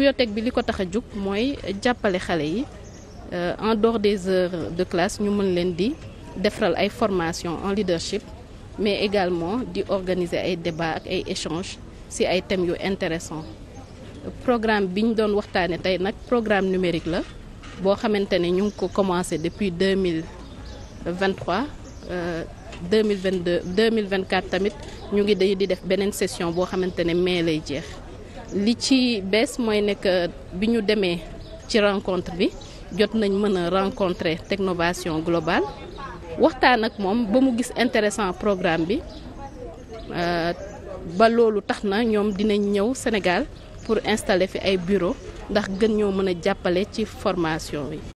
bibliothèque bi li ko tax a jóg mooy jàppale xale yi euh, en dehors des heures de classe ñu mën leen di defaral ay formation en leadership mais également di organiser ay débats ak ay échanges ci ay thèmes yu intéressants programme bi ñu doon waxtaane tey nag programme numérique la boo xamante ne ñu ngi ko commencé depuis deux mille vingt trois euh, deux mille vingt deux deux mille vingt quatre tamit ñu ngi day di def beneen session boo xamante ne mai lay jeex. li ci bees mooy nekk euh, bi ñu demee ci rencontre bi jot nañ mën a rencontrer Technovation Globale waxtaan ak moom ba mu gis intéressant programme bi euh, ba loolu tax na ñoom dinañ ñëw Sénégal pour installer fi ay bureau ndax gën ñoo mën a jàppale ci formation bi